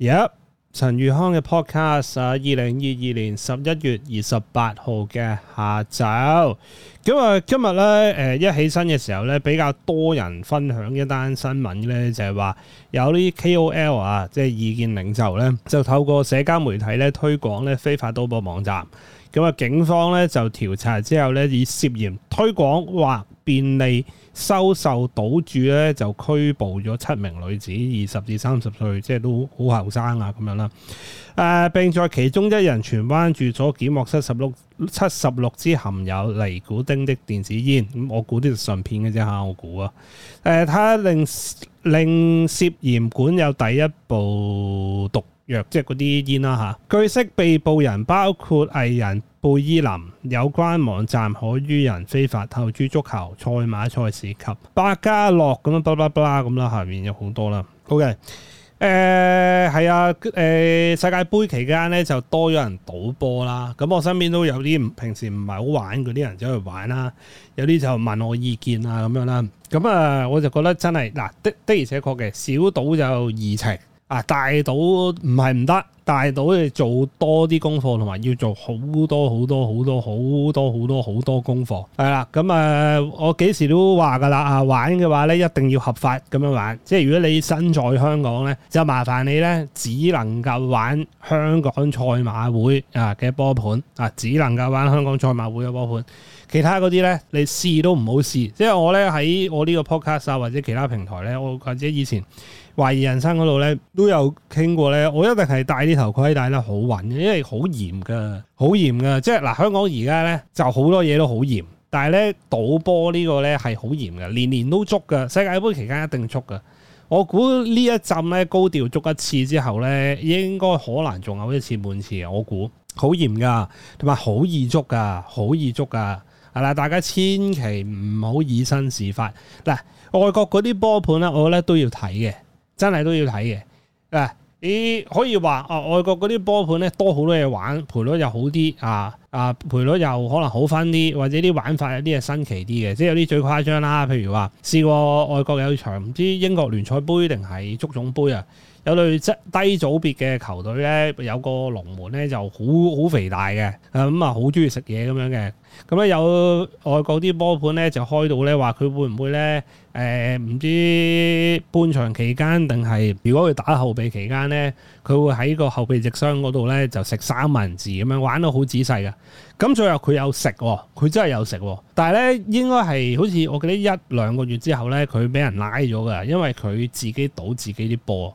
一陳宇康嘅 podcast 啊，二零二二年十一月二十八號嘅下晝，咁啊今日咧誒一起身嘅時候咧，比較多人分享一單新聞咧，就係話有啲 KOL 啊，即係意見領袖咧，就透過社交媒體咧推廣咧非法賭博網站，咁啊警方咧就調查之後咧，以涉嫌推廣或。便利收受賭注咧，就拘捕咗七名女子，二十至三十歲，即係都好後生啊咁樣啦。誒、呃，並在其中一人荃灣住所檢獲七十六七十六支含有尼古丁的電子煙。咁我估啲就順片嘅啫吓，我估啊。誒、呃，他令令涉嫌管有第一部毒。藥即係嗰啲煙啦、啊、嚇。據悉，被捕人包括藝人貝伊林。有關網站可於人非法投注足球、賽馬賽級、賽事及百家樂咁樣，巴拉巴拉咁啦。下面有好多啦。OK，誒、呃、係啊，誒、呃、世界盃期間咧就多咗人賭波啦。咁我身邊都有啲平時唔係好玩嗰啲人走去玩啦。有啲就問我意見啊咁樣啦。咁啊，我就覺得真係嗱的的而且確嘅，小賭就怡情。啊，大到唔係唔得，大到要做多啲功課，同埋要做好多好多好多好多好多好多，多，多功課。係啦，咁啊，我幾時都話㗎啦，啊玩嘅話呢，一定要合法咁樣玩。即係如果你身在香港呢，就麻煩你呢，只能夠玩香港賽馬會啊嘅波盤啊，只能夠玩香港賽馬會嘅波盤。其他嗰啲呢，你試都唔好試。即係我呢，喺我呢個 podcast 或者其他平台呢，我或者以前。懷疑人生嗰度咧都有傾過咧，我一定係戴啲頭盔戴得好穩，因為好嚴噶，好嚴噶。即係嗱，香港而家咧就好多嘢都好嚴，但係咧賭波呢個咧係好嚴嘅，年年都捉噶，世界盃期間一定捉噶。我估呢一陣咧高調捉一次之後咧，應該可能仲有一次半次。我估好嚴噶，同埋好易捉噶，好易捉噶。係啦，大家千祈唔好以身試法。嗱，外國嗰啲波盤咧，我覺得都要睇嘅。真係都要睇嘅。嗱，你可以話、啊、外國嗰啲波盤咧多好多嘢玩，賠率又好啲啊，啊，賠率又可能好返啲，或者啲玩法有啲係新奇啲嘅，即係有啲最誇張啦。譬如話試過外國有場唔知英國聯賽杯定係足總杯啊，有隊即低組別嘅球隊咧，有個龍門咧就好好肥大嘅，咁啊好中意食嘢咁樣嘅。咁、嗯、咧有外國啲波盤咧就開到咧話，佢會唔會咧，誒唔知半場期間定係如果佢打後備期間咧，佢會喺個後備席箱嗰度咧就食三文治咁樣，玩到好仔細㗎。咁、嗯、最後佢有食，佢真係有食。但係咧應該係好似我記得一兩個月之後咧，佢俾人拉咗㗎，因為佢自己倒自己啲波。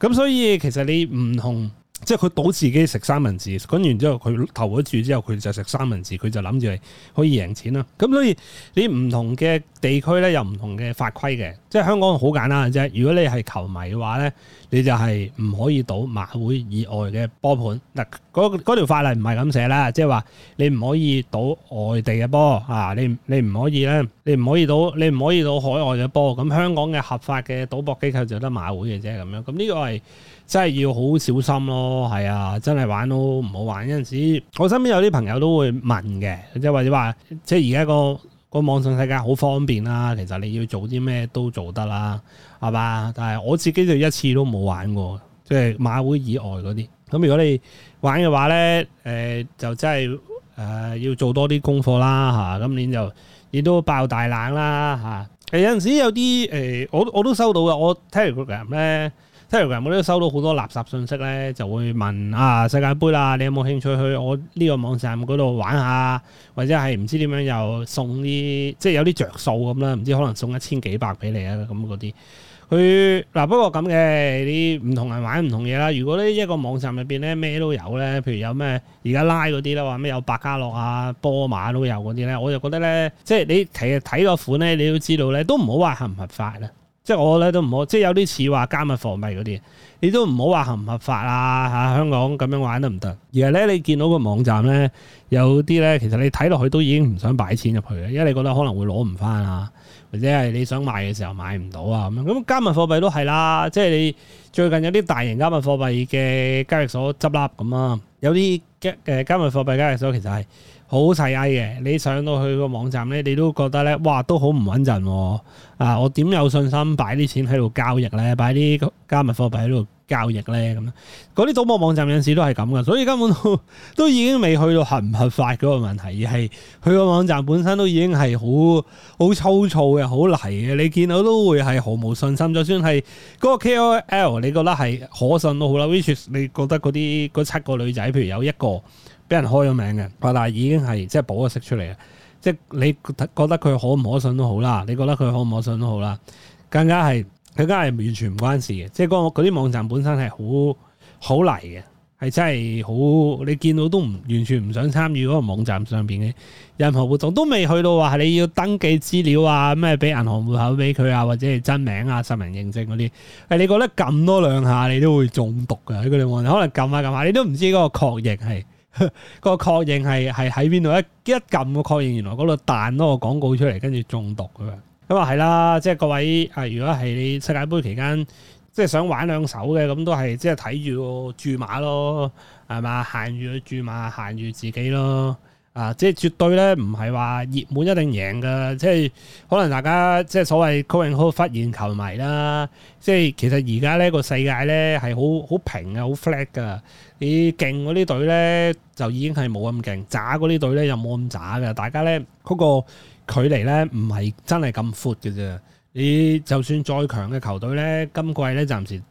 咁、嗯、所以其實你唔同即係佢賭自己食三文治，咁然之後佢投咗注之後，佢就食三文治，佢就諗住係可以贏錢啦。咁所以你唔同嘅地區咧，有唔同嘅法規嘅。即係香港好簡單嘅啫。如果你係球迷嘅話咧，你就係唔可以賭馬會以外嘅波盤。嗱，嗰嗰條法例唔係咁寫啦，即係話你唔可以賭外地嘅波啊，你你唔可以咧，你唔可以賭，你唔可以賭海外嘅波。咁香港嘅合法嘅賭博機構就得馬會嘅啫，咁樣。咁呢個係。真係要好小心咯，係啊，真係玩都唔好玩。有陣時，我身邊有啲朋友都會問嘅，即係或者話，即係而家個個網上世界好方便啦，其實你要做啲咩都做得啦，係嘛？但係我自己就一次都冇玩過，即係馬會以外嗰啲。咁如果你玩嘅話呢，誒、呃、就真係誒要做多啲功課啦，嚇、啊。今年就亦都爆大冷啦，嚇、啊。有陣時有啲誒、呃，我我都收到嘅，我 Telegram 呢。」telegram 我都收到好多垃圾信息咧，就會問啊世界盃啦、啊、你有冇興趣去我呢個網站嗰度玩下？或者係唔知點樣又送啲即係有啲著數咁啦，唔知可能送一千幾百俾你啊咁嗰啲。佢嗱不過咁嘅你唔同人玩唔同嘢啦。如果呢一個網站入面咧咩都有咧，譬如有咩而家拉嗰啲啦，話咩有百家樂啊、波馬都有嗰啲咧，我就覺得咧即係你睇睇個款咧，你都知道咧都唔好話合唔合法啦。即係我咧都唔好，即係有啲似話加密貨幣嗰啲，你都唔好話合唔合法啊！香港咁樣玩都唔得。而係咧，你見到個網站咧，有啲咧，其實你睇落去都已經唔想擺錢入去嘅，因為你覺得可能會攞唔翻啊，或者係你想買嘅時候買唔到啊咁樣。咁加密貨幣都係啦，即係你最近有啲大型加密貨幣嘅交易所執笠咁啊。有啲加誒加密貨幣交易所其實係好細翳嘅，你上到去個網站咧，你都覺得咧，哇都好唔穩陣啊，我點有信心擺啲錢喺度交易咧，擺啲加密貨幣喺度交易咧咁咧？啲賭博網站有陣時都係咁嘅，所以根本都,都已經未去到合唔合法個問題而係佢個網站本身都已經係好好粗糙嘅、好泥嘅，你見到都會係毫無信心。就算係個 KOL，你覺得係可信都好啦 which 你覺得啲七個女仔？你譬如有一個俾人開咗名嘅，話但已經係即係補咗息出嚟嘅，即係你覺得佢可唔可信都好啦，你覺得佢可唔可信都好啦，更加係更加係完全唔關事嘅，即係嗰啲網站本身係好好嚟嘅。係真係好，你見到都唔完全唔想參與嗰個網站上邊嘅任何活動，都未去到話係你要登記資料啊，咩俾銀行戶口俾佢啊，或者係真名啊、實名認證嗰啲。誒，你覺得撳多兩下你都會中毒嘅喺嗰啲網站，可能撳下撳下，你都唔知嗰個確認係嗰、嗰個確認係喺邊度一一撳個確認，原來嗰度彈多個廣告出嚟，跟住中毒咁啊，咁啊係啦，即係各位啊，如果係你世界盃期間。即係想玩兩手嘅，咁都係即係睇住注碼咯，係嘛？限住佢注碼，限住自己咯。啊，即係絕對咧，唔係話熱門一定贏㗎。即係可能大家即係所謂 c a i n g 忽然球迷啦。即係其實而家呢、呢個世界咧係好好平嘅，好 flat 㗎。你勁嗰啲隊咧就已經係冇咁勁，渣嗰啲隊咧又冇咁渣㗎。大家咧嗰個距離咧唔係真係咁闊嘅啫。你就算再強嘅球隊呢，今季呢，暫時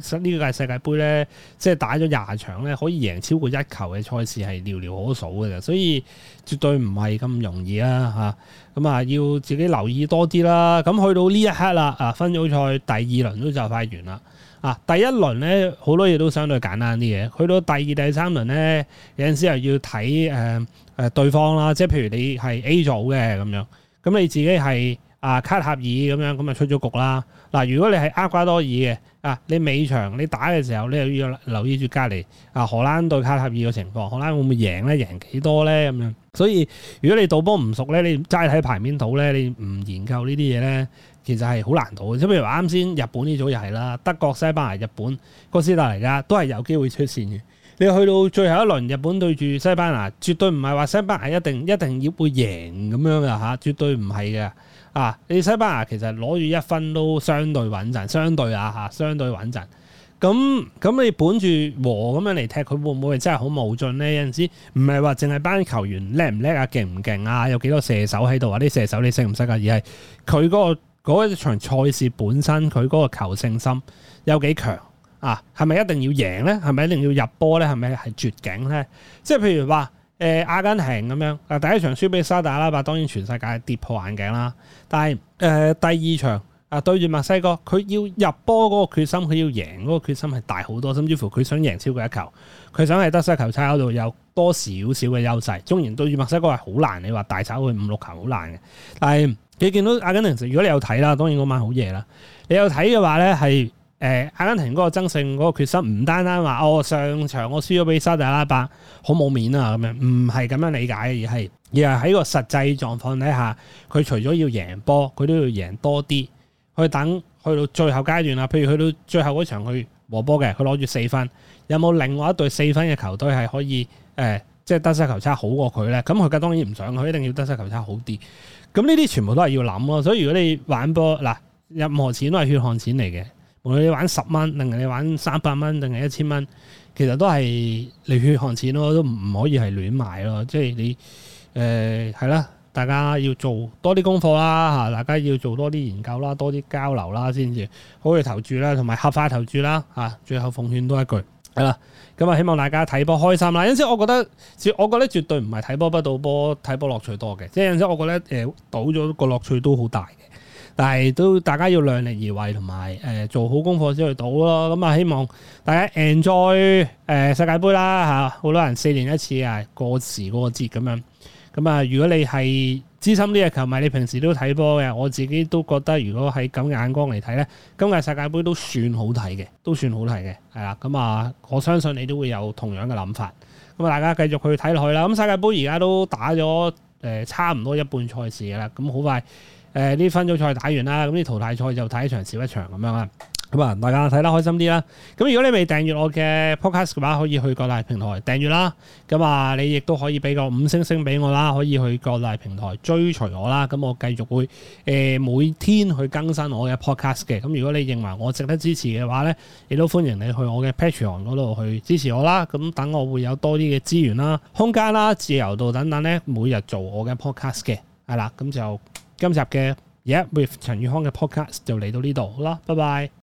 誒呢屆世界盃呢，即係打咗廿場呢，可以贏超過一球嘅賽事係寥寥可數嘅，所以絕對唔係咁容易啦、啊。嚇、啊，咁啊要自己留意多啲啦。咁去到呢一刻啦，啊分組賽第二輪都就快完啦。啊第一輪呢，好多嘢都相對簡單啲嘅，去到第二、第三輪呢，有陣時又要睇誒誒對方啦，即係譬如你係 A 組嘅咁樣，咁你自己係。啊，卡塔爾咁樣咁啊出咗局啦。嗱，如果你係厄瓜多爾嘅，啊你尾場你打嘅時候，你又要留意住隔離啊荷蘭對卡塔爾嘅情況，荷蘭會唔會贏咧？贏幾多咧？咁樣，所以如果你賭波唔熟咧，你齋睇牌面賭咧，你唔研究呢啲嘢咧，其實係好難賭嘅。即譬如啱先日本呢組又係啦，德國、西班牙、日本、哥斯達黎加都係有機會出線嘅。你去到最後一輪，日本對住西班牙，絕對唔係話西班牙一定一定要會贏咁樣嘅嚇，絕對唔係嘅。啊，你西班牙其實攞住一分都相對穩陣，相對啊嚇，相對穩陣。咁咁你本住和咁樣嚟踢，佢會唔會真係好無盡呢？有陣時唔係話淨係班球員叻唔叻啊，勁唔勁啊，有幾多射手喺度啊？啲射手你識唔識啊？而係佢嗰個嗰一場賽事本身，佢嗰個求勝心有幾強？啊，係咪一定要贏呢？係咪一定要入波呢？係咪係絕境呢？即係譬如話，誒、呃、阿根廷咁樣，啊第一場輸俾沙特阿拉伯，當然全世界跌破眼鏡啦。但係誒、呃、第二場啊對住墨西哥，佢要入波嗰個決心，佢要贏嗰個決心係大好多，甚至乎佢想贏超過一球，佢想喺得失球差度有多少少嘅優勢。縱然對住墨西哥係好難，你話大炒佢五六球好難嘅。但係你見到阿根廷，如果你有睇啦，當然嗰晚好夜啦。你有睇嘅話呢，係。誒，阿根廷嗰個爭勝嗰個決心，唔單單話哦上場我輸咗俾沙特阿拉伯，好冇面啊咁樣，唔係咁樣理解嘅，而係而係喺個實際狀況底下，佢除咗要贏波，佢都要贏多啲去等去到最後階段啦。譬如去到最後嗰場去和波嘅，佢攞住四分，有冇另外一隊四分嘅球隊係可以即係、呃即係、得失球差好過佢呢？咁佢當然唔想，佢一定要得失球差好啲。咁呢啲全部都係要諗咯。所以如果你玩波嗱，任何錢都係血汗錢嚟嘅。無論你玩十蚊，定係你玩三百蚊，定係一千蚊，其實都係你血汗錢咯，都唔可以係亂買咯。即係你誒係啦，大家要做多啲功課啦吓，大家要做多啲研究啦，多啲交流啦先至好去投注啦，同埋合法投注啦吓。最後奉勸多一句係啦，咁啊希望大家睇波開心啦。有陣時我覺得，我覺得絕對唔係睇波不賭波，睇波樂趣多嘅。即係有陣時我覺得誒賭咗個樂趣都好大。但係都大家要量力而為同埋誒做好功課先去賭咯。咁、嗯、啊，希望大家 enjoy 誒、呃、世界盃啦嚇！好、啊、多人四年一次啊，過時過節咁樣。咁、嗯、啊，如果你係資深啲嘅球迷，你平時都睇波嘅，我自己都覺得如果喺咁眼光嚟睇呢，今屆世界盃都算好睇嘅，都算好睇嘅，係啦。咁、嗯、啊，我相信你都會有同樣嘅諗法。咁、嗯、啊，大家繼續去睇落去啦。咁、嗯、世界盃而家都打咗誒、呃、差唔多一半賽事嘅啦。咁、嗯、好快。誒、呃、呢分組賽打完啦，咁啲淘汰賽就睇一場少一場咁樣啦。咁啊，大家睇得開心啲啦。咁如果你未訂閱我嘅 podcast 嘅話，可以去各大平台訂閱啦。咁啊，你亦都可以俾個五星星俾我啦。可以去各大平台追隨我啦。咁我繼續會、呃、每天去更新我嘅 podcast 嘅。咁如果你認為我值得支持嘅話呢，亦都歡迎你去我嘅 Patreon 嗰度去支持我啦。咁等我會有多啲嘅資源啦、空間啦、自由度等等呢，每日做我嘅 podcast 嘅。係啦，咁就。今集嘅而家 with 陳宇康嘅 podcast 就嚟到呢度，好啦，拜拜。Bye bye。